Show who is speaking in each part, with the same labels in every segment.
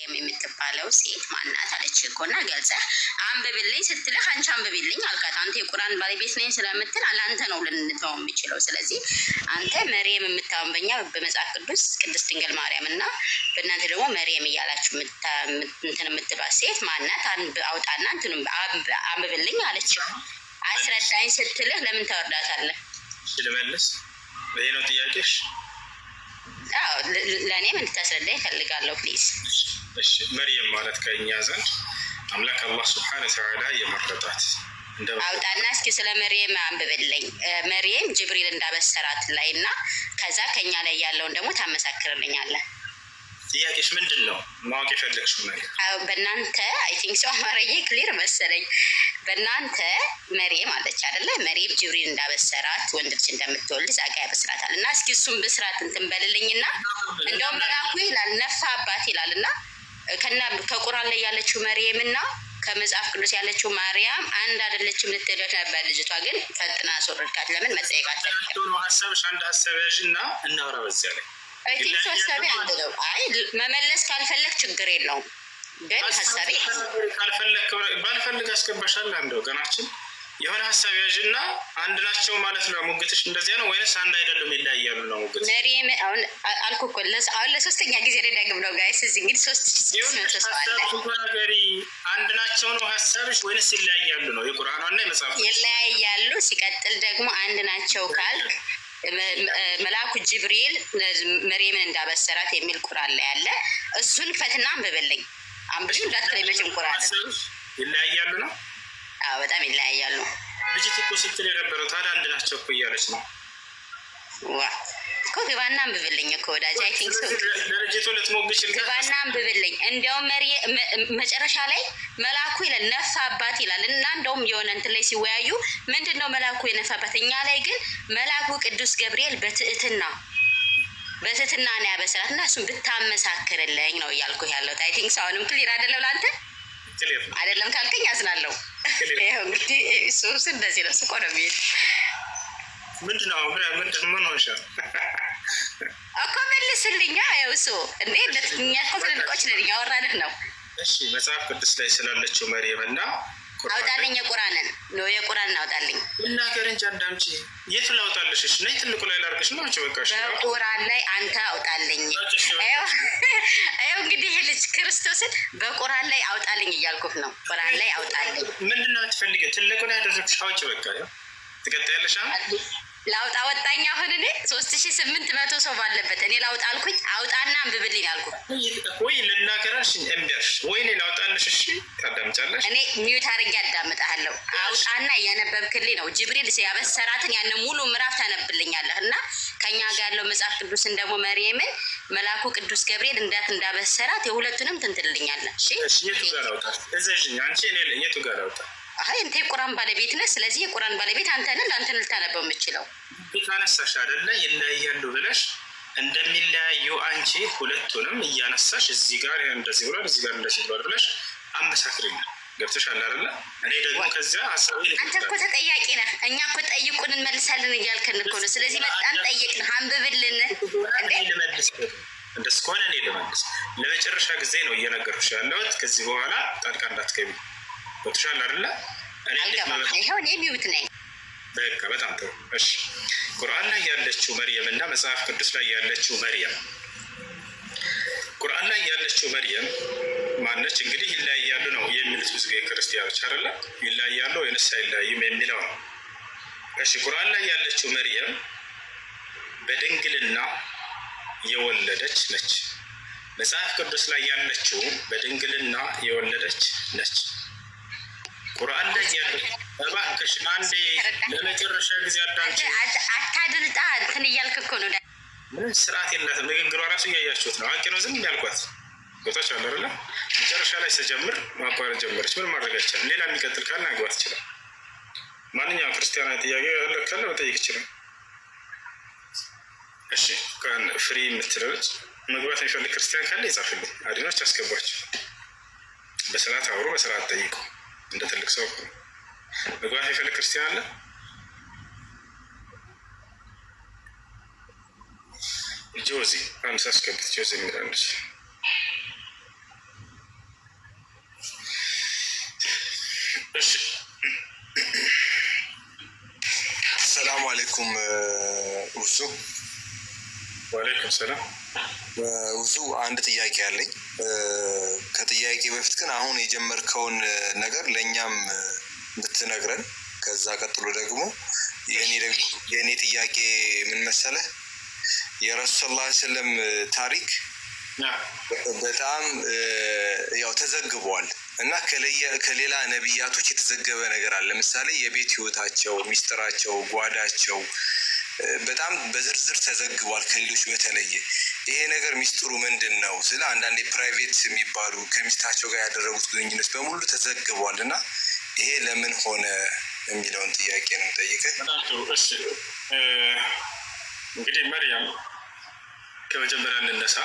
Speaker 1: የምትባለው ሴት ማናት አለች እኮና ገልጸ አንብብልኝ ስትልህ አንቺ አንብብልኝ አልካት። አንተ የቁራን ባለቤት ነኝ ስለምትል ለአንተ ነው ልንተው የምችለው። ስለዚህ አንተ መሪየም የምታውን በኛ በመጽሐፍ ቅዱስ ቅድስት ድንግል ማርያም እና በእናንተ ደግሞ መሪየም እያላችሁ እንትን የምትሏት ሴት ማናት? አውጣና እንትንም አንብብልኝ አለች። አስረዳኝ ስትልህ ለምን ታወርዳታለህ?
Speaker 2: ልመልስ ይሄ ነው ጥያቄሽ?
Speaker 1: ለእኔም እንድታስረዳ ይፈልጋለሁ። ፕሊዝ
Speaker 2: መርየም ማለት ከእኛ ዘንድ አምላክ አላህ ስብሐነ ወተዓላ የመረጣት
Speaker 1: አውጣና እስኪ ስለ መርየም አንብብልኝ። መርየም ጅብሪል እንዳበሰራት ላይ እና ከዛ ከእኛ ላይ ያለውን ደግሞ ታመሳክርልኛለን።
Speaker 2: ጥያቄሽ ምንድን ነው? ማወቅ የፈለግሽው ነገር
Speaker 1: በእናንተ አይ ቲንክ ሰው አማርዬ ክሊር መሰለኝ በእናንተ መሪም አለች አደለ? መሪም ጅብሪል እንዳበሰራት ወንድ ልጅ እንደምትወልድ ጸጋ ያበስራታል። እና እስኪ እሱም ብስራት እንትን ና እንደውም መላኩ ይላል ነፋ አባት ይላል እና ከና ከቁራን ላይ ያለችው መርየምና ከመጽሐፍ ቅዱስ ያለችው ማርያም አንድ አይደለችም ልትሄደት ነበር። ልጅቷ ግን ፈጥና አስወረድካት። ለምን መጠየቃት
Speaker 2: አትፈልግም? ሀሳብሽ አንድ ሀሳብ ያዥ እና እናውራ በዚያ ላይ
Speaker 1: መመለስ ካልፈለግ ችግር የለውም። ግን ሀሳቤ
Speaker 2: ባልፈልግ አስገባሻል። አንድ ወገናችን የሆነ ሀሳብ ያዥና አንድ ናቸው ማለት ነው። ሙግትሽ እንደዚያ ነው ወይንስ አንድ አይደሉም ይለያያሉ ነው ሙግት?
Speaker 1: መሪም አሁን አልኩ እኮ አሁን ለሶስተኛ ጊዜ ልደግም ነው ጋይስ። እዚህ እንግዲህ ሶስት
Speaker 2: ተስፋለገሪ አንድ ናቸው ነው ሀሳብሽ ወይንስ ይለያያሉ ነው? የቁርአኗና የመጽሐፍ
Speaker 1: ይለያያሉ። ሲቀጥል ደግሞ አንድ ናቸው ካልክ መልአኩ ጅብሪል መሬምን እንዳበሰራት የሚል ቁርአን ላይ ያለ እሱን ፈትና አንብብልኝ። በጣም ብዙ እንዳትለኝ መቼም እንቁራለን
Speaker 2: ይለያያሉ ነው።
Speaker 1: አዎ በጣም ይለያያሉ።
Speaker 2: ልጅት እኮ ስትል የነበረው ታዲያ አንድ ናቸው እኮ እያለች ነው።
Speaker 1: ዋ እኮ ግባና አንብብልኝ እኮ ወዳጅ አይ ቲንክ ሶ
Speaker 2: ለልጅቱ ልትሞግች
Speaker 1: ግባና አንብብልኝ። እንዲያውም መሪ መጨረሻ ላይ መልአኩ ይላል ነፍስ አባት ይላል እና እንደውም የሆነ እንትን ላይ ሲወያዩ ምንድን ነው መልአኩ የነፍስ አባት፣ እኛ ላይ ግን መልአኩ ቅዱስ ገብርኤል በትዕትና በትትና ና ያበስራት እና እሱም ብታመሳክርለኝ ነው እያልኩ ያለው። አይ ቲንክ አሁንም ክሊር አይደለም ለአንተ አይደለም ካልከኝ አዝናለሁ። ይኸው እንግዲህ ሱስ እንደዚህ ነው። ስቆ ነው ሚሄድ
Speaker 2: ምንድነው ምን ሆንሻል?
Speaker 1: እኮ መልስልኛ። ያው እሱ እንዴ እኛ እኮ ትልልቆች ነን፣ እያወራንህ ነው።
Speaker 2: እሺ መጽሐፍ ቅዱስ ላይ ስላለችው መርየም እና
Speaker 1: አውጣልኝ የቁራንን ነው የቁራንን አውጣልኝ።
Speaker 2: እናገርኝ አንዳንቺ የት ላውጣልሽ? እሺ ነይ ትልቁ ላይ ላርገሽ ናቸው። በቃ
Speaker 1: በቁራን ላይ አንተ አውጣልኝ። ይኸው እንግዲህ ልጅ ክርስቶስን በቁራን ላይ አውጣልኝ እያልኩት ነው። ቁራን ላይ አውጣልኝ።
Speaker 2: ምንድነው የምትፈልጊው? ትልቁ ላይ ያደረግሽ አውጪ። በቃ ትቀጥያለሽ።
Speaker 1: ላውጣ ወጣኝ። አሁን እኔ ሶስት ሺ ስምንት መቶ ሰው ባለበት እኔ ላውጣ አልኩኝ። አውጣና አንብብልኝ አልኩ።
Speaker 2: ወይ ልናገራሽ እምቢያሽ ወይ እኔ ላውጣልሽ። እሺ ታዳምጫለሽ።
Speaker 1: እኔ ሚዩት አድርጌ አዳምጣለሁ። አውጣና እያነበብክልኝ ነው። ጅብሪል ያበሰራትን ያን ሙሉ ምዕራፍ ታነብልኛለህ እና ከኛ ጋር ያለው መጽሐፍ ቅዱስን ደግሞ መርየምን መልአኩ ቅዱስ ገብርኤል እንዳት እንዳበሰራት የሁለቱንም ትንትልልኛለህ።
Speaker 2: እሺ የቱ ጋር ላውጣ? እዘዥኝ አንቺ የቱ ጋር ላውጣ?
Speaker 1: አይ እንተ የቁራን ባለቤት ነህ። ስለዚህ የቁራን ባለቤት አንተ ነህ። ለአንተ ልታነበው የምችለው
Speaker 2: ካነሳሽ አደለ ይለያያሉ ብለሽ እንደሚለያዩ አንቺ ሁለቱንም እያነሳሽ እዚህ ጋር እንደዚህ ብሏል፣ እዚህ ጋር እንደዚህ ብሏል ብለሽ አመሳክሪኛል። ገብተሻል አደለ? እኔ ደግሞ ከዚያ ሀሳቢ
Speaker 1: አንተ እኮ ተጠያቂ ነህ። እኛ እኮ ጠይቁን እንመልሳለን እያልከን እኮ ነው። ስለዚህ በጣም ጠይቅን፣ አንብብልን።
Speaker 2: ልመልስ እንደስ ከሆነ እኔ ልመልስ። ለመጨረሻ ጊዜ ነው እየነገርኩሽ ያለሁት። ከዚህ በኋላ ጣልቃ እንዳትገቢ ወጥሻል አይደለ?
Speaker 1: ይኸው እኔ ሚውት ነኝ።
Speaker 2: በቃ በጣም ጥሩ። እሺ ቁርአን ላይ ያለችው መርየም እና መጽሐፍ ቅዱስ ላይ ያለችው መርየም ቁርአን ላይ ያለችው መርየም ማነች? እንግዲህ ይለያያሉ ነው የሚሉት ብዙ ጊዜ ክርስቲያኖች አይደለ? ይለያያሉ ወይንስ አይለያዩም የሚለው ነው። እሺ ቁርአን ላይ ያለችው መርየም በድንግልና የወለደች ነች። መጽሐፍ ቅዱስ ላይ ያለችው በድንግልና የወለደች ነች። ቁርአን ላይ እባክሽ አንዴ ለመጨረሻ ጊዜ አዳምጪ።
Speaker 1: አታድልጣ እንትን እያልክ እኮ ነው።
Speaker 2: ምንም ስርዓት የላትም ንግግሯ ራሱ እያያችሁት ነው። አቂ ነው ዝም ያልኳት ቦታች አለ አይደለ? መጨረሻ ላይ ስጀምር ማቋረጥ ጀመረች። ምን ማድረግ አይቻልም። ሌላ የሚቀጥል ካለ አግባት ይችላል። ማንኛውም ክርስቲያናዊ ጥያቄ ያለ ካለ መጠየቅ ይችላል። እሺ ፍሪ የምትለች መግባት የሚፈልግ ክርስቲያን ካለ ይጻፍልኝ። አድኖች አስገባቸው። በስርዓት አውሩ፣ በስርዓት ጠይቁ። እንደ ትልቅ ሰው መግባት የሚፈልግ ክርስቲያን አለ። ጆዚ አንድ ሳስገብት ጆዚ የሚላለች
Speaker 3: ሰላም አሌይኩም ውሱ።
Speaker 2: ዋሌይኩም ሰላም
Speaker 3: ውሱ። አንድ ጥያቄ አለኝ። ከጥያቄ በፊት ግን አሁን የጀመርከውን ነገር ለእኛም ብትነግረን፣ ከዛ ቀጥሎ ደግሞ የእኔ ጥያቄ ምን መሰለህ የረሱል ላ ስለም ታሪክ በጣም ያው ተዘግቧል እና ከሌላ ነቢያቶች የተዘገበ ነገር አለ። ለምሳሌ የቤት ህይወታቸው፣ ሚስጥራቸው፣ ጓዳቸው በጣም በዝርዝር ተዘግቧል ከሌሎች በተለየ ይሄ ነገር ሚስጥሩ ምንድን ነው ስለ አንዳንዴ ፕራይቬት የሚባሉ ከሚስታቸው ጋር ያደረጉት ግንኙነት በሙሉ ተዘግቧል እና ይሄ ለምን ሆነ የሚለውን ጥያቄ ነው ጠይቀን።
Speaker 2: እንግዲህ መርያም ከመጀመሪያ እንነሳ።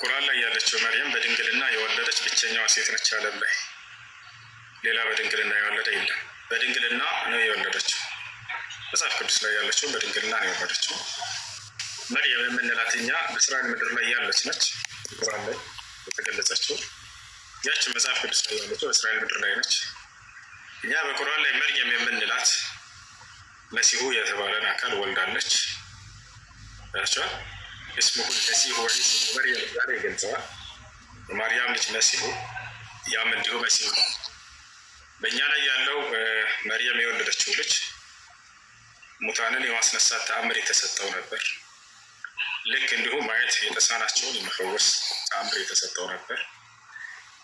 Speaker 2: ቁርአን ላይ ያለችው መርያም በድንግልና የወለደች ብቸኛዋ ሴት ነች ዓለም ላይ። ሌላ በድንግልና የወለደ የለም። በድንግልና ነው የወለደችው። መጽሐፍ ቅዱስ ላይ ያለችው በድንግልና ነው የወለደችው። መርየም የምንላት እኛ እስራኤል ምድር ላይ ያለች ነች። ቁርአን ላይ የተገለጸችው ያች መጽሐፍ ቅዱስ ላይ ያለችው እስራኤል ምድር ላይ ነች። እኛ በቁርአን ላይ መርየም የምንላት መሲሁ የተባለን አካል ወልዳለች ቸዋል። እስሙሁ መሲሁ መርየም ጋር ይገልጸዋል። የማርያም ልጅ መሲሁ ያም እንዲሁ መሲሁ ነው። በእኛ ላይ ያለው መርየም የወለደችው ልጅ ሙታንን የማስነሳት ተአምር የተሰጠው ነበር። ልክ እንዲሁ ማየት የተሳናቸውን የመፈወስ ተአምር የተሰጠው ነበር።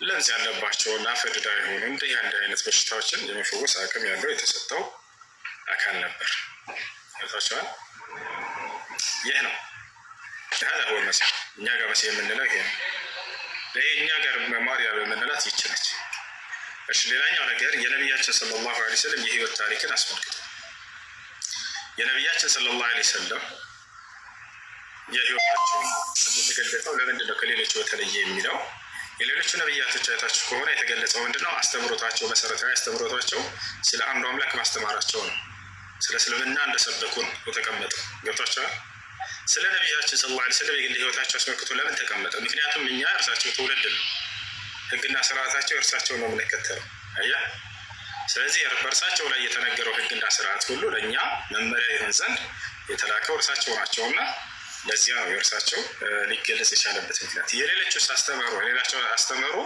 Speaker 2: ለምዝ ያለባቸውና ፈድዳ የሆኑ እንደ ያንድ አይነት በሽታዎችን የመፈወስ አቅም ያለው የተሰጠው አካል ነበር። ታቸዋል ይህ ነው ያህል አሁን መሲ እኛ ጋር መሲ የምንለው ይሄ ነው። እኛ ጋር መማር ያለ የምንላት ይችነች። እሺ ሌላኛው ነገር የነቢያችን ሰለላሁ ዐለይሂ ወሰለም የህይወት ታሪክን አስመልክቶ የነቢያችን ሰለላሁ ዐለይሂ ወሰለም የህይወታቸው የተገለጸው ለምንድን ነው ከሌሎች በተለየ የሚለው የሌሎቹ ነብያቶች አይታችሁ ከሆነ የተገለጸው ምንድን ነው? አስተምሮታቸው መሰረታዊ አስተምሮታቸው ስለ አንዱ አምላክ ማስተማራቸው ነው። ስለ እስልምና እንደሰበኩ ነው ገብቷቸዋል። ስለ ነቢያችን ስለ ላ ስለም የግል ህይወታቸው አስመልክቶ ለምን ተቀመጠ? ምክንያቱም እኛ እርሳቸው ትውልድ ነው። ህግና ስርዓታቸው እርሳቸው ነው የምንከተለው። አያ ስለዚህ በእርሳቸው ላይ የተነገረው ህግና ስርዓት ሁሉ ለእኛ መመሪያ ይሆን ዘንድ የተላከው እርሳቸው ናቸውና ለዚያ ነው እርሳቸው ሊገለጽ የቻለበት ምክንያት የሌሎቹስ አስተምህሮ የሌላቸው አስተምህሮ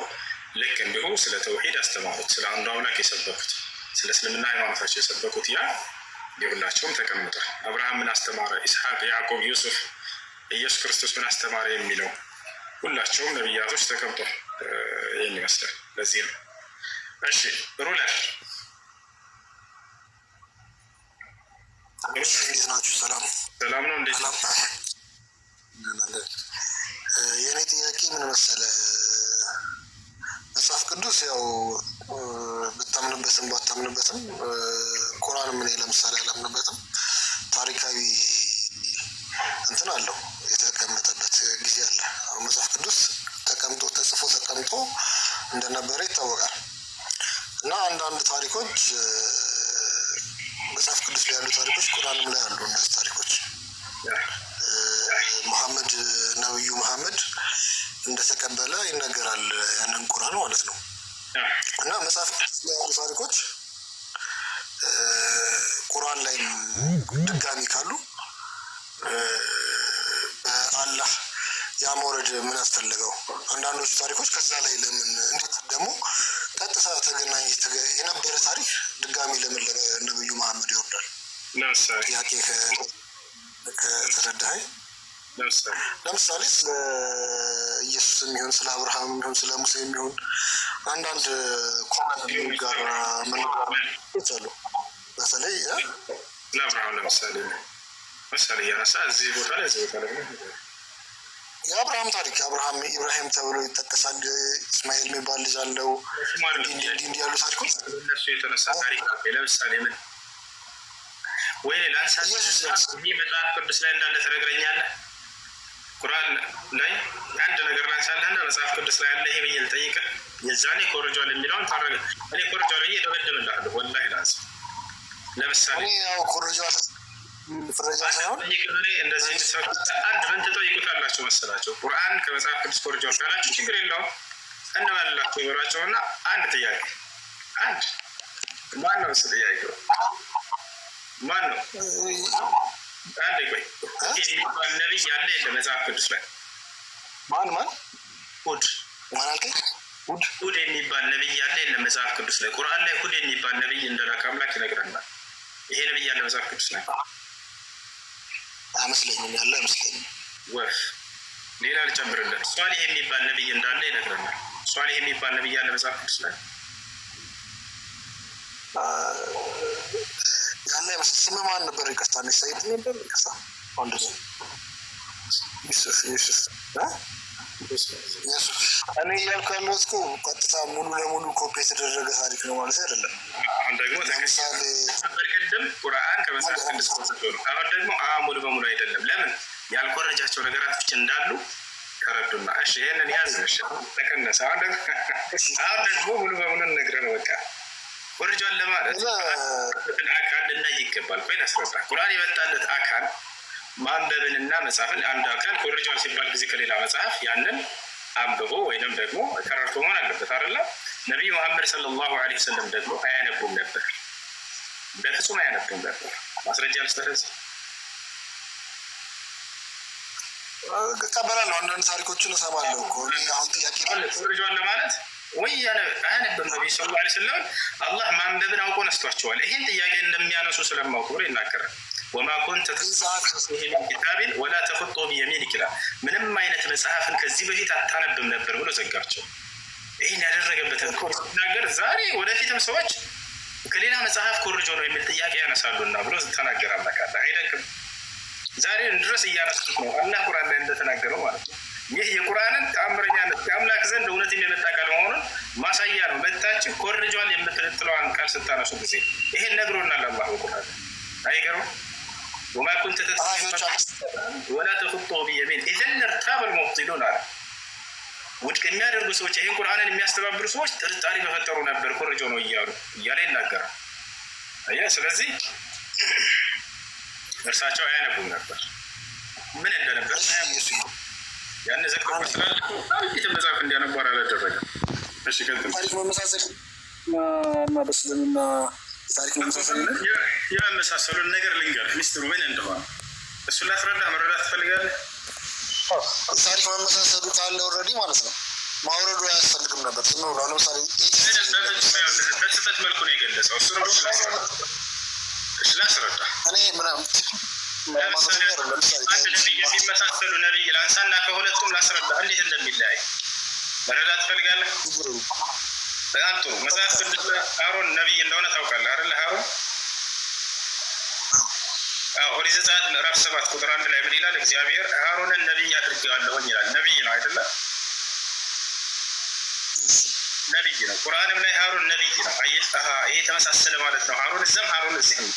Speaker 2: ልክ እንዲሁ ስለ ተውሂድ አስተማሩት፣ ስለ አንዱ አምላክ የሰበኩት፣ ስለ እስልምና ሃይማኖታቸው የሰበኩት ያ እንዲሁላቸውም ተቀምጧል። አብርሃም ምን አስተማረ? ኢስሐቅ፣ ያዕቆብ፣ ዩሱፍ፣ ኢየሱስ ክርስቶስ ምን አስተማረ የሚለው ሁላቸውም ነቢያቶች ተቀምጧል። ይህን ይመስላል። ለዚህ ነው እሺ ሩለር ሰላም ነው እንዴት
Speaker 3: ምን መሰለ መጽሐፍ ቅዱስ ያው ብታምንበትም ባታምንበትም ቁርአን ምን ለምሳሌ አላምንበትም። ታሪካዊ እንትን አለው የተቀመጠበት ጊዜ አለ። መጽሐፍ ቅዱስ ተቀምጦ ተጽፎ ተቀምጦ እንደነበረ ይታወቃል። እና አንዳንድ ታሪኮች መጽሐፍ ቅዱስ ላይ ያሉ ታሪኮች ቁርአንም ላይ አሉ። እነዚህ ታሪኮች መሐመድ ነብዩ መሐመድ እንደተቀበለ ይነገራል ያንን ቁርአን ማለት ነው እና መጽሐፍ ያሉ ታሪኮች ቁርአን ላይ ድጋሚ ካሉ በአላህ ያመውረድ ምን አስፈለገው? አንዳንዶቹ ታሪኮች ከዛ ላይ ለምን እንዴት ደግሞ ቀጥታ ተገናኝ የነበረ ታሪክ ድጋሚ ለምን ነብዩ መሐመድ ይወርዳል? ጥያቄ ከተረዳኸኝ ለምሳሌ ስለ ኢየሱስ የሚሆን ስለ አብርሃም የሚሆን ስለ ሙሴ የሚሆን አንዳንድ ኮመንት ጋር መኖች ይቻሉ በተለይ
Speaker 2: ለአብርሃም ለምሳሌ ምሳሌ እያነሳ እዚህ ቦታ ላይ እዚህ ቦታ ላይ
Speaker 3: የአብርሃም ታሪክ አብርሃም ኢብራሂም ተብሎ ይጠቀሳል። እስማኤል የሚባል ልጅ አለው። እንዲህ ያሉ ታሪኮች
Speaker 2: እነሱ የተነሳ ታሪክ ለምሳሌ ምን ወይ ሌላ ኢየሱስ መጽሐፍ ቅዱስ ላይ እንዳለ ትነግረኛለህ? ቁርአን ላይ አንድ ነገር ላንሳለህና መጽሐፍ ቅዱስ ላይ ያለ ይሄ ብዬ ልጠይቅህ፣ የዛኔ ኮርጇል የሚለውን ታረገ እኔ ኮርጇል ብዬ ደበድብልሃለሁ። ወላሂ ላንስ ለምሳሌ እንደዚህ አንድ ምን ትጠይቁታላችሁ መሰላቸው? ቁርአን ከመጽሐፍ ቅዱስ ኮርጇል ካላችሁ ችግር የለውም እንመልላችሁ ይኖራቸውና አንድ ጥያቄ አንድ ማን ነው ስ ጥያቄው ማን ነው አንዴ ቆይ ነቢይ ያለ የለ መጽሐፍ ቅዱስ ላይ ማን ማን ሁድ ማን አልከኝ? ሁድ ሁድ የሚባል ነቢይ ያለ የለ መጽሐፍ ቅዱስ ላይ ቁርአን ላይ ሁድ የሚባል ነቢይ እንደላከ አምላክ ይነግረናል። ይሄ ነቢይ ያለ መጽሐፍ ቅዱስ ላይ
Speaker 3: አይመስለኝም። ያለ አይመስለኝም።
Speaker 2: ወፍ ሌላ ልጨምርለን። ሷሊህ የሚባል ነቢይ እንዳለ ይነግረናል። ሷሊህ የሚባል ነቢይ ያለ መጽሐፍ ቅዱስ ላይ
Speaker 3: ያና ስም ማን ነበር? ይቅርታ ሳይት ነበር። ይቅርታ ወንድም ዩሱፍ ዩሱፍ እኔ እያልኩ ያለሁት እኮ ቀጥታ ሙሉ ለሙሉ ኮፒ የተደረገ ታሪክ ነው ማለት አይደለም።
Speaker 2: አሁን ደግሞ ለምሳሌ በቅድም ቁርአን ከመጽሐፍ ቅዱስ ነው። አሁን ደግሞ አ ሙሉ በሙሉ አይደለም። ለምን ያልኮረጃቸው ነገራቶች እንዳሉ ተረዱና፣ እሺ ይህንን ያዝ ተቀነሰ። አሁን ደግሞ ሙሉ በሙሉ ነግረ ነው በቃ ወርጃን ለማለት አካል ልናይ ይገባል። ኮይን አስረዳ ቁርአን የመጣለት አካል ማንበብንና መጽሐፍን አንድ አካል ኮርጇል ሲባል ጊዜ ከሌላ መጽሐፍ ያንን አንብቦ ወይንም ደግሞ ተረድቶ መሆን አለበት አይደለ? ነቢይ መሐመድ ሰለላሁ ዐለይሂ ወሰለም ደግሞ አያነቡም ነበር፣ በፍጹም አያነቡም ነበር። ማስረጃ ልስተረዝ
Speaker 3: እቀበላለሁ። አንዳንድ ታሪኮችን እሰማለሁ። አሁን ጥያቄ
Speaker 2: ኮርጇል ለማለት ወይ አያነብም። ነቢ ስ ላ ስለም አላህ ማንበብን አውቆ ነስቷቸዋል። ይሄን ጥያቄ እንደሚያነሱ ስለማውቅ ብሎ ይናገራል። ወማ ኮንተ ኪታቢን ወላ ተቆጦ ብየሚን ይችላል። ምንም አይነት መጽሐፍን ከዚህ በፊት አታነብም ነበር ብሎ ዘጋቸው። ይህን ያደረገበትን ሲናገር ዛሬ ወደፊትም ሰዎች ከሌላ መጽሐፍ ኮርጆ ነው የሚል ጥያቄ ያነሳሉና ብሎ ተናገር። አምላክ አይደግም። ዛሬ ድረስ እያነሱት ነው። አላህ ቁርአን ላይ እንደተናገረው ማለት ነው ይህ የቁርአንን ተአምረኛነት ከአምላክ ዘንድ እውነት የመጣ ቃል መሆኑን ማሳያ ነው። መታች ኮርጇል የምትልጥለዋን ቃል ስታነሱ ጊዜ ይሄን ነግሮናል አላህ በቁርአን አይገሩ ወማ ኩንተ ወላ ተፍጦ ብየሚን ኢዘን እርታበ ልሙብጢሉን አለ። ውድቅ የሚያደርጉ ሰዎች ይህን ቁርአንን የሚያስተባብሩ ሰዎች ጥርጣሬ በፈጠሩ ነበር ኮርጆ ነው እያሉ እያለ ይናገራል። አየህ ስለዚህ እርሳቸው አያነቡም ነበር ምን እንደነበር ያን ዘግበር ስላለ መጽሐፍ እንዲያነቧር አላደረገም። እሺ ታሪክ
Speaker 3: መመሳሰል እና በእስልምና ታሪክ መመሳሰል
Speaker 2: የመመሳሰሉን ነገር ልንገር፣ ሚስጥሩ ምን እንደሆነ እሱ ላስረዳ። መረዳት ትፈልጋለህ?
Speaker 3: ታሪክ መመሳሰሉ ካለ ኦልሬዲ ማለት ነው ማውረዱ አያስፈልግም ነበር። ዝም ብሎ ለምሳሌ
Speaker 2: በጽፈት መልኩ ነው የገለጸው። እሱ ነው ላስረዳ እኔ ምናምን ነቢይ የሚመሳሰሉ ላንሳና ከሁለቱም ላስረዳ እንዴት እንደሚለያይ መረዳት ትፈልጋለህ? በጣም ጥሩ። መጽሐፍ ቅዱስ አሮን ነቢይ እንደሆነ ታውቃለህ አይደለ? አሮን ኦሪት ዘጸአት ምዕራፍ ሰባት ቁጥር አንድ ላይ ምን ይላል? እግዚአብሔር አሮንን ነቢይ አድርጌዋለሁኝ ይላል። ነቢይ ነው አይደለ? ነቢይ ነው። ቁርአንም ላይ አሮን ነቢይ ነው። አየህ፣ ይሄ ተመሳሰለ ማለት ነው። አሮን እዛም፣ አሮን እዚህም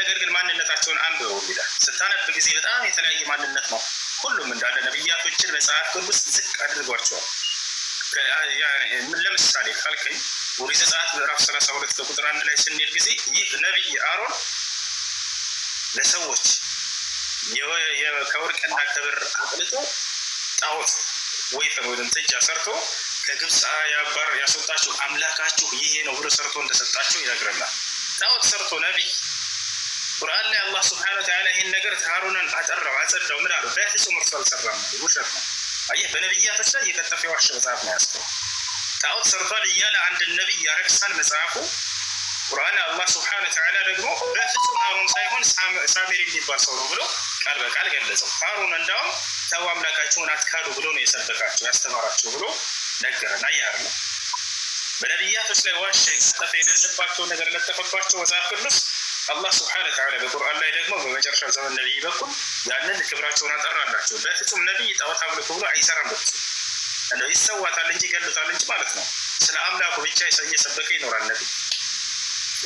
Speaker 2: ነገር ግን ማንነታቸውን አንብበው ይላል። ስታነብ ጊዜ በጣም የተለያየ ማንነት ነው። ሁሉም እንዳለ ነብያቶችን መጽሐፍ ቅዱስ ዝቅ አድርጓቸዋል። ለምሳሌ ካልከኝ ኦሪት ዘጸአት ምዕራፍ ሰላሳ ሁለት ከቁጥር አንድ ላይ ስንሄድ ጊዜ ይህ ነቢይ አሮን ለሰዎች ከወርቅና ከብር አቅልጦ ጣዖት ወይፈን ወይም ጥጃ ሰርቶ ከግብፅ ያባር ያስወጣችሁ አምላካችሁ ይሄ ነው ብሎ ሰርቶ እንደሰጣችሁ ይነግረናል። ጣዖት ሰርቶ ነቢይ ቁርአን ላይ አላህ ስብሐነ ወተዓላ ይህን ነገር ሃሩንን አጠራው አጸዳው። ምን አሉ? በፍጹም እርሱ አልሰራም። ውሸት ነው። አየህ፣ በነቢያቶች ላይ እየቀጠፈ የዋሸ መጽሐፍ ነው ያስገው ጣዖት ሰርቷል እያለ አንድ ነቢይ ያረክሳል መጽሐፉ ቁርአን። አላህ ስብሐነ ወተዓላ ደግሞ በፍጹም ሃሩን ሳይሆን ሳሜር የሚባል ሰው ነው ብሎ ቃል በቃል ገለጸው። ሃሩን እንዳውም ተው አምላካችሁን አትካዱ ብሎ ነው የሰበካቸው ያስተማራቸው ብሎ ነገረን። አየህ አይደል? በነቢያቶች ላይ ዋሸ፣ የቀጠፈ የሌለባቸው ነገር የለጠፈባቸው መጽሐፍ ቅዱስ አላህ ስብሐነ ወተዓላ በቁርአን ላይ ደግሞ በመጨረሻ ዘመን ነቢይ በኩል ያንን ክብራቸውን አጠራላቸው። በፍጹም ነቢይ ጣዖት አምልኮ ብሎ አይሰራም። በፍጹም እንደው ይሰዋታል እንጂ ይገሉታል እንጂ ማለት ነው። ስለ አምላኩ ብቻ እየሰበከ ይኖራል ነቢይ።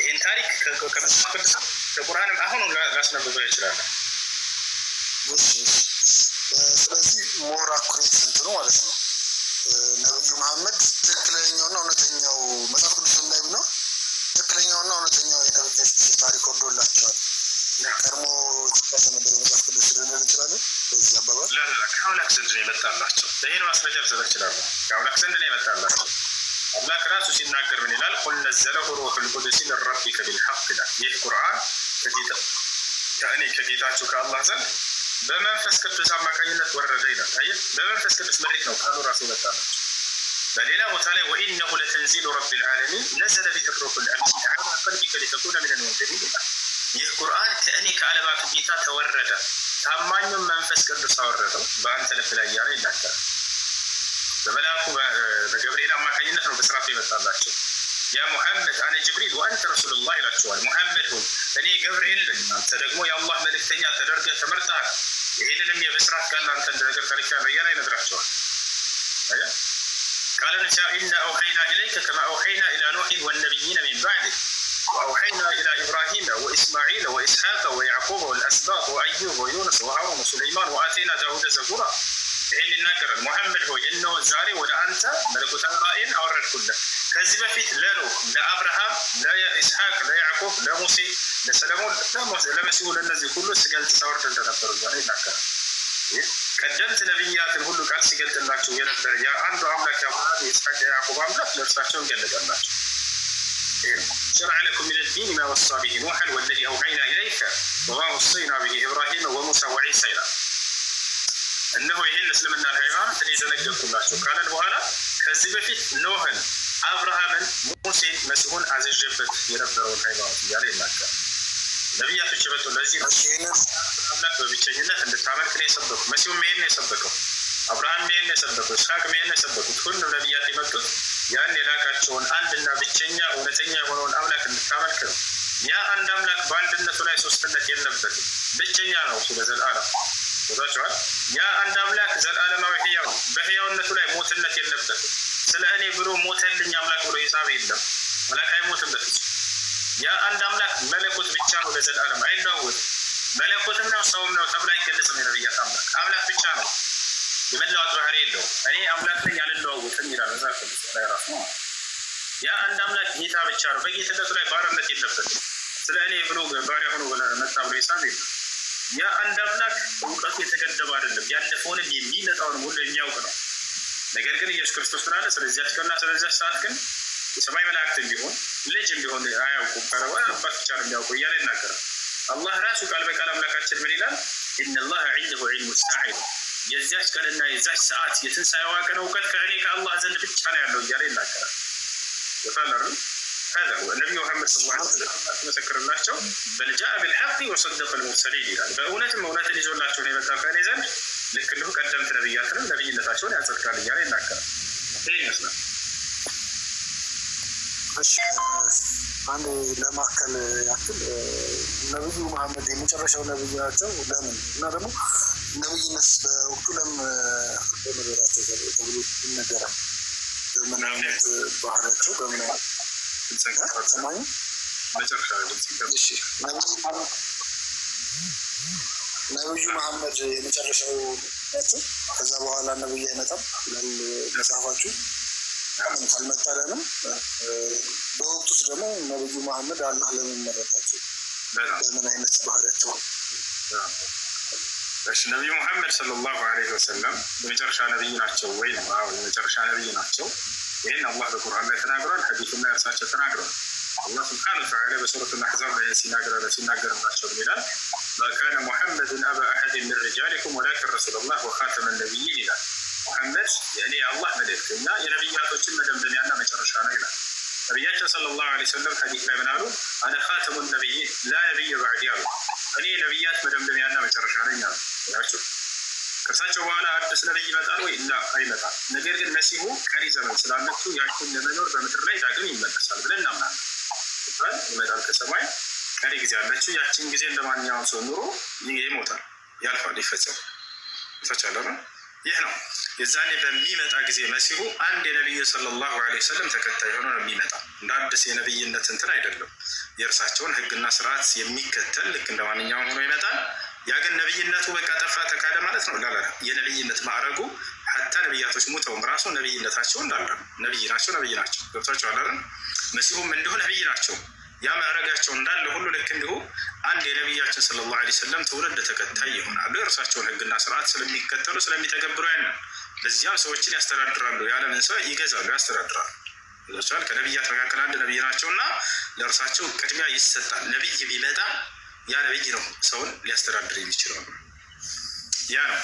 Speaker 2: ይህን ታሪክ ከመጽሐፍ ቅዱስ ከቁርአንም አሁኑ ላስነብበው ይችላል።
Speaker 3: ስለዚህ ሞር አኩሬት እንትኑ ማለት ነው ነቢዩ መሐመድ ትክክለኛውና እውነተኛው መጽሐፍ ቅዱስ ላይ ቢኖር ትክክለኛውና እውነተኛው የነብዮች ታሪክ ወርዶላቸዋል። ቀድሞ ተመደ መጽሐፍ ቅዱስ ልንል እንችላለን። በዚህ አባባል
Speaker 2: ከአምላክ ዘንድ ነው የመጣላቸው። ይህን ማስረጃ ልሰጥ እችላለሁ። ከአምላክ ዘንድ ነው የመጣላቸው። አምላክ ራሱ ሲናገር ምን ይላል? ቁል ነዘለሁ ሩሑል ቁዱስ ሚን ረቢከ ቢልሐቅ ይላል። ይህ ቁርአን ከእኔ ከጌታችሁ ከአላህ ዘንድ በመንፈስ ቅዱስ አማካኝነት ወረደ ይላል። አየህ፣ በመንፈስ ቅዱስ መሬት ነው ቃሉ ራሱ የመጣላቸው በሌላ ቦታ ላይ ወኢነሁ ለተንዚሉ ረቢ ልዓለሚን ነዘለ ቢህ ሩሑ ልአሚን ዓላ ቀልቢከ ሊተኩነ ምን ልሙንዚሪን ይላል። ይህ ቁርአን ከእኔ ከዓለማቱ ጌታ ተወረደ፣ ታማኙን መንፈስ ቅዱስ አወረደው በአንተ ልብ ላይ እያለ ይናገራል። በመልአኩ በገብርኤል አማካኝነት ነው በስራቱ የመጣላቸው። ያ ሙሐመድ አነ ጅብሪል ወአንተ ረሱሉላህ ይላቸዋል። ሙሐመድ ሆይ እኔ ገብርኤል ነኝ፣ አንተ ደግሞ የአላህ መልእክተኛ ተደርገህ ተመርጠሃል። ይህንንም የብስራት ቃል አንተ እንደነገር ተልኬያለሁ እያለ ይነግራቸዋል። قال النساء إنا أوحينا إليك كما أوحينا إلى نوح والنبيين من بعده وأوحينا إلى إبراهيم وإسماعيل وإسحاق ويعقوب والأسباط وأيوب ويونس وهارون وسليمان وآتينا داود زبورا إن النكر محمد هو إنه زاري ولا أنت ملك تنرائين أو الرد كله كذب في لا نوح لا أبراهام لا إسحاق لا يعقوب لا موسى لا سلمون لا موسى لا مسيح ولا كله سجل تصور تلتنبر يعني النكر إيه؟ ቀደምት ነቢያትን ሁሉ ቃል ሲገልጥላቸው የነበረ አንዱ አምላክ አብርሃም፣ ይስሐቅ፣ ያዕቆብ አምላክ ለእርሳቸው ይገለጠላቸው። شرع لكم من الدين ما وصى به نوحا والذي اوحينا اليك وما وصينا به ابراهيم وموسى وعيسى ይላል። እነሆ ይህን እስልምና ሃይማኖት እኔ ደነገግኩላችሁ ካለን በኋላ ከዚህ በፊት ኖህን፣ አብርሃምን፣ ሙሴን፣ መሲሁን አዘዠበት የነበረውን ሃይማኖት እያለ ይናገራል። ነቢያቶች የመጡ ለዚህ አምላክ በብቸኝነት እንድታመልክ ነው የሰበኩ። መሲሁም ይሄን ነው የሰበከው። አብርሃም ሜን ነው የሰበከው። እስሐቅ ሜን ነው የሰበኩት። ሁሉም ነቢያት የመጡት ያን የላካቸውን አንድና ብቸኛ እውነተኛ የሆነውን አምላክ እንድታመልክ ነው። ያ አንድ አምላክ በአንድነቱ ላይ ሶስትነት የለበትም። ብቸኛ ነው እሱ ለዘላለም ቦታቸዋል። ያ አንድ አምላክ ዘላለማዊ ህያው፣ በህያውነቱ ላይ ሞትነት የለበትም። ስለ እኔ ብሎ ሞተልኝ አምላክ ብሎ ሂሳብ የለም። አምላክ አይሞትም በፍጹም የአንድ አምላክ መለኮት ብቻ ነው ለዘላለም አይለዋወጥም። መለኮትም ነው ሰውም ነው ተብሎ አይገለጽም። የነብያት አምላክ አምላክ ብቻ ነው፣ የመለዋወጥ ባህሪ የለውም። እኔ አምላክ ነኝ አልለዋወጥም ይላል መጽሐፍ ቅዱስ ላይ ራሱ ነው። ያ አንድ አምላክ ጌታ ብቻ ነው። በጌትነቱ ላይ ባርነት የለበት ስለ እኔ ብሎ ባሪያ ሆኖ መጣ ብሎ ሂሳብ የለ። ያ አንድ አምላክ እውቀቱ የተገደበ አይደለም። ያለፈውንም የሚመጣውንም ሁሉ የሚያውቅ ነው። ነገር ግን ኢየሱስ ክርስቶስ ስላለ ስለዚያች ቀንና ስለዚያች ሰዓት ግን የሰማይ መላእክት ቢሆን ልጅ ቢሆን አያውቁ ከረወ አባት ብቻ ነው የሚያውቁ እያለ ይናገራል። አላህ ራሱ ቃል በቃል አምላካችን ምን ይላል? ኢነላህ ዒንደሁ ዒልሙ ሳዓ ነው የዚያች ቀንና የዛች ሰዓት የትንሣኤዋ ቀን እውቀት ከእኔ ከአላህ ዘንድ ብቻ ነው ያለው እያለ ይናገራል። ወታለር هذا هو النبي محمد صلى الله عليه وسلم ልሙርሰሊን ይላል። በእውነትም እውነትን ይዞላቸው ነው የመጣው ከእኔ ዘንድ ልክ እንዲሁ ቀደምት ነብያትንም ነብይነታቸውን ያጸድቃል እያለ ይናገራል። ይህ ይመስላል
Speaker 3: አንድ ለማከል ያክል ነብዩ መሐመድ የመጨረሻው ነብይ ናቸው። ለምን እና ደግሞ ነብይነት በወቅቱ ለምን ነገራቸው ተብሎ ይነገራል። በምን አይነት ባህሪያቸው በምን ሰማኝ ነብዩ መሐመድ የመጨረሻው ናቸው። ከዛ በኋላ ነብይ አይመጣም ይላል መጽሐፋችሁ ምንም አልመጠለንም። በወቅቱ ውስጥ ደግሞ ነብዩ መሐመድ አላህ ለምን መረጣቸው? በምን አይነት ባህሪያቸው?
Speaker 2: እሺ ነቢዩ ሙሐመድ ሰለላሁ አለይሂ ወሰለም የመጨረሻ ነቢይ ናቸው ወይ ነው? የመጨረሻ ነቢይ ናቸው። ይህን አላህ በቁርአን ላይ ተናግሯል። ሐዲሱና እርሳቸው ተናግረዋል። አላህ ስብሓነ ወተዓላ በሱረት አሕዛብ ላይ ሲናገርላቸው ይላል ማካነ ሙሐመድን አባ አሐድን ምን ሪጃሊኩም ወላኪን ረሱለላህ ወኻተመ ነቢይን ይላል ሙሐመድ እኔ የአላህ መልእክተኛ የነቢያቶችን መደምደሚያና መጨረሻ ነው ይላል። ነቢያችን ሰለላሁ ዐለይሂ ወሰለም ሐዲስ ላይ ምን አሉ? አነ ኻተሙ ነቢይ ላ ነቢይ ባዕዲ አሉ። እኔ ነቢያት መደምደሚያና መጨረሻ ነኝ አሉ። ያቸው ከእርሳቸው በኋላ አዲስ ነቢይ ይመጣል ወይ? ላ አይመጣም። ነገር ግን መሲሁ ቀሪ ዘመን ስላለቱ ያችን ለመኖር በምድር ላይ ዳግም ይመለሳል ብለን እናምናለን። ይመጣል ከሰማይ ቀሪ ጊዜ አለችው። ያችን ጊዜ እንደማንኛውም ሰው ኑሮ ይሞታል፣ ያልፋል፣ ይፈጸም ይፈቻለ። ይህ ነው የዛኔ በሚመጣ ጊዜ መሲሁ አንድ የነቢዩ ሰለላሁ ዐለይሂ ወሰለም ተከታይ ሆኖ ነው የሚመጣ። እንደ አዲስ የነቢይነት እንትን አይደለም። የእርሳቸውን ህግና ስርዓት የሚከተል ልክ እንደ ማንኛውም ሆኖ ይመጣል። ያ ግን ነቢይነቱ በቃ ጠፋ ተካደ ማለት ነው። ላላ የነቢይነት ማዕረጉ ሀታ ነቢያቶች ሙተውም ራሱ ነቢይነታቸው እንዳለ ነቢይ ናቸው። ነቢይ ናቸው ገብቷቸው አላለን። መሲሁም እንዲሁ ነቢይ ናቸው። ያ ማዕረጋቸው እንዳለ ሁሉ ልክ እንዲሁ አንድ የነቢያችን ሰለላሁ ዐለይሂ ሰለም ትውልድ ተከታይ ይሆናሉ። የእርሳቸውን ህግና ስርዓት ስለሚከተሉ ስለሚተገብሩ ያንን በዚያም ሰዎችን ያስተዳድራሉ። የዓለምን ሰው ይገዛሉ፣ ያስተዳድራሉ። ይዟቸዋል። ከነቢያት መካከል አንድ ነቢይ ናቸው እና ለእርሳቸው ቅድሚያ ይሰጣል። ነቢይ ቢመጣ ያ ነቢይ ነው ሰውን ሊያስተዳድር የሚችለው ያ ነው።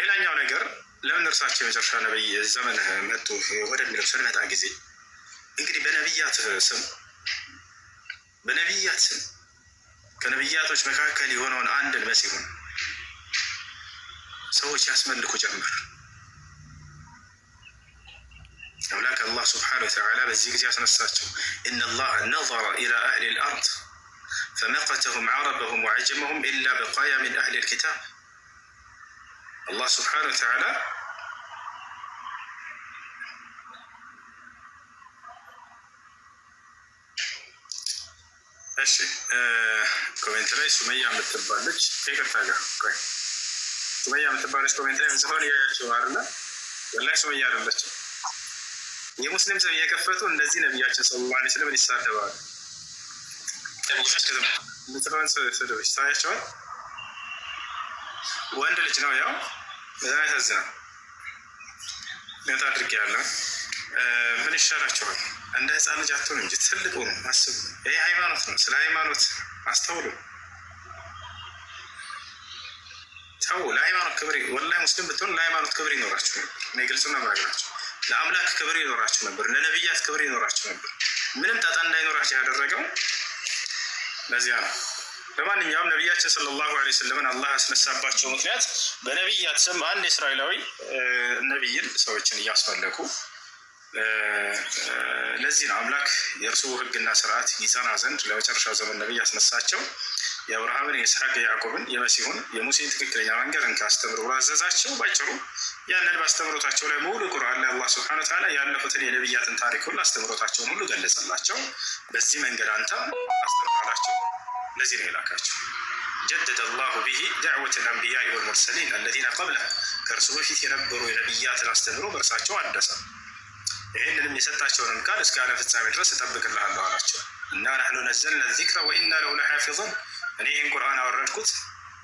Speaker 2: ሌላኛው ነገር ለምን እርሳቸው የመጨረሻ ነቢይ ዘመን መጡ ወደሚለው ስንመጣ ጊዜ እንግዲህ በነቢያት ስም በነቢያት ስም ከነቢያቶች መካከል የሆነውን አንድን መሲሁን ሰዎች ያስመልኩ ጀመር። አምላክ አላህ ስብሓነሁ ወተዓላ በዚህ ጊዜ አስነሳቸው። ኢነ አላህ ነዘረ ኢላ አህሊ ልአርድ ፈመቀተሁም ዓረበሁም ወዐጀመሁም ኢላ በቃያ ምን አህሊ ልኪታብ። አላህ ስብሓነሁ ወተዓላ እሺ ኮሜንት ላይ ሱመያ የምትባለች ይቅርታ ጋር ሱመያ የምትባለች ኮሜንት ላይ ምጽፈን እያያቸው አለ ወላሂ ሱመያ አይደለችም። የሙስሊም ሰው እየከፈቱ እንደዚህ ነቢያችን ሰለላሁ ዐለይሂ ወሰለም ይሳደባሉ። ምጽፈን ወንድ ልጅ ነው ያው በጣም ያሳዝናል። ነጣ አድርጌ ያለ ምን ይሻላቸዋል? እንደ ህፃን ልጅ አትሆኑ እንጂ ትልቁ ነው አስቡ። ይህ ሃይማኖት ነው። ስለ ሃይማኖት አስተውሉ። ተው ለሃይማኖት ክብር ወላሂ ሙስሊም ብትሆን ለሃይማኖት ክብር ይኖራቸው ነበር። ግልጽ ነው ለአምላክ ክብር ይኖራቸው ነበር። ለነቢያት ክብር ይኖራቸው ነበር። ምንም ጣጣ እንዳይኖራቸው ያደረገው ለዚያ ነው። በማንኛውም ነቢያችን ሰለላሁ ዐለይሂ ወሰለምን አላህ ያስነሳባቸው ምክንያት በነቢያት ስም አንድ እስራኤላዊ ነቢይን ሰዎችን እያስፈለኩ ለዚህ ነው አምላክ የእርሱ ህግና ስርዓት ይጸና ዘንድ ለመጨረሻው ዘመን ነቢይ ያስነሳቸው። የአብርሃምን የይስሐቅ የያዕቆብን የመሲሁን የሙሴን ትክክለኛ መንገድ እንካ አስተምር ብሎ አዘዛቸው። ባጭሩ ያንን በአስተምሮታቸው ላይ ሙሉ ቁርአን ላይ አላህ ስብሐነ ወተዓላ ያለፉትን የነብያትን ታሪክ ሁሉ አስተምሮታቸውን ሁሉ ገለጸላቸው። በዚህ መንገድ አንተም አስተምራላቸው። ለዚህ ነው የላካቸው። ጀደደ ላሁ ብሂ ዳዕወት ልአንቢያ ወልሙርሰሊን አለዚነ ቀብለ ከእርሱ በፊት የነበሩ የነቢያትን አስተምሮ በእርሳቸው አደሰ። ይህንንም የሰጣቸውንም ቃል እስከ ዓለም ፍጻሜ ድረስ እጠብቅልሃለሁ አላቸው እና ናሕኑ ነዘልና ዚክረ ወኢና ለሁ ለሓፊዙን እኔ ይህን ቁርአን አወረድኩት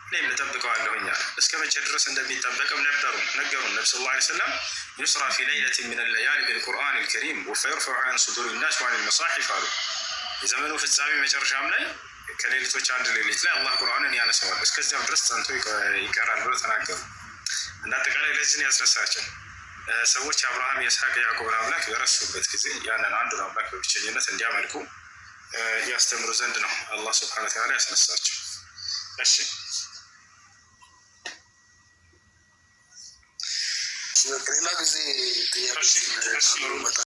Speaker 2: እኔም እጠብቀዋለሁኝ እስከ መቼ ድረስ እንደሚጠበቅም ነበሩ ነገሩን። ነቢ ስለ ላ ሰለም ዩስራ ፊ ለይለት ምን ለያሊ ብልቁርአን ልከሪም ወፈየርፈዑ አን ሱዱሪ ናስ ዋን ልመሳሒፍ አሉ። የዘመኑ ፍጻሜ መጨረሻም ላይ ከሌሊቶች አንድ ሌሊት ላይ አላህ ቁርአንን ያነሰዋል፣ እስከዚያም ድረስ ጸንቶ ይቀራል ብሎ ተናገሩ። እንደ አጠቃላይ ለዚህን ያስረሳቸው ሰዎች አብርሃም፣ የስሐቅ፣ ያዕቆብን አምላክ በረሱበት ጊዜ ያንን አንዱን አምላክ በብቸኝነት እንዲያመልኩ ያስተምሩ ዘንድ ነው አላህ ስብሐነ ወተዓላ ያስነሳቸው። እሺ ሌላ ጊዜ ጥያቄ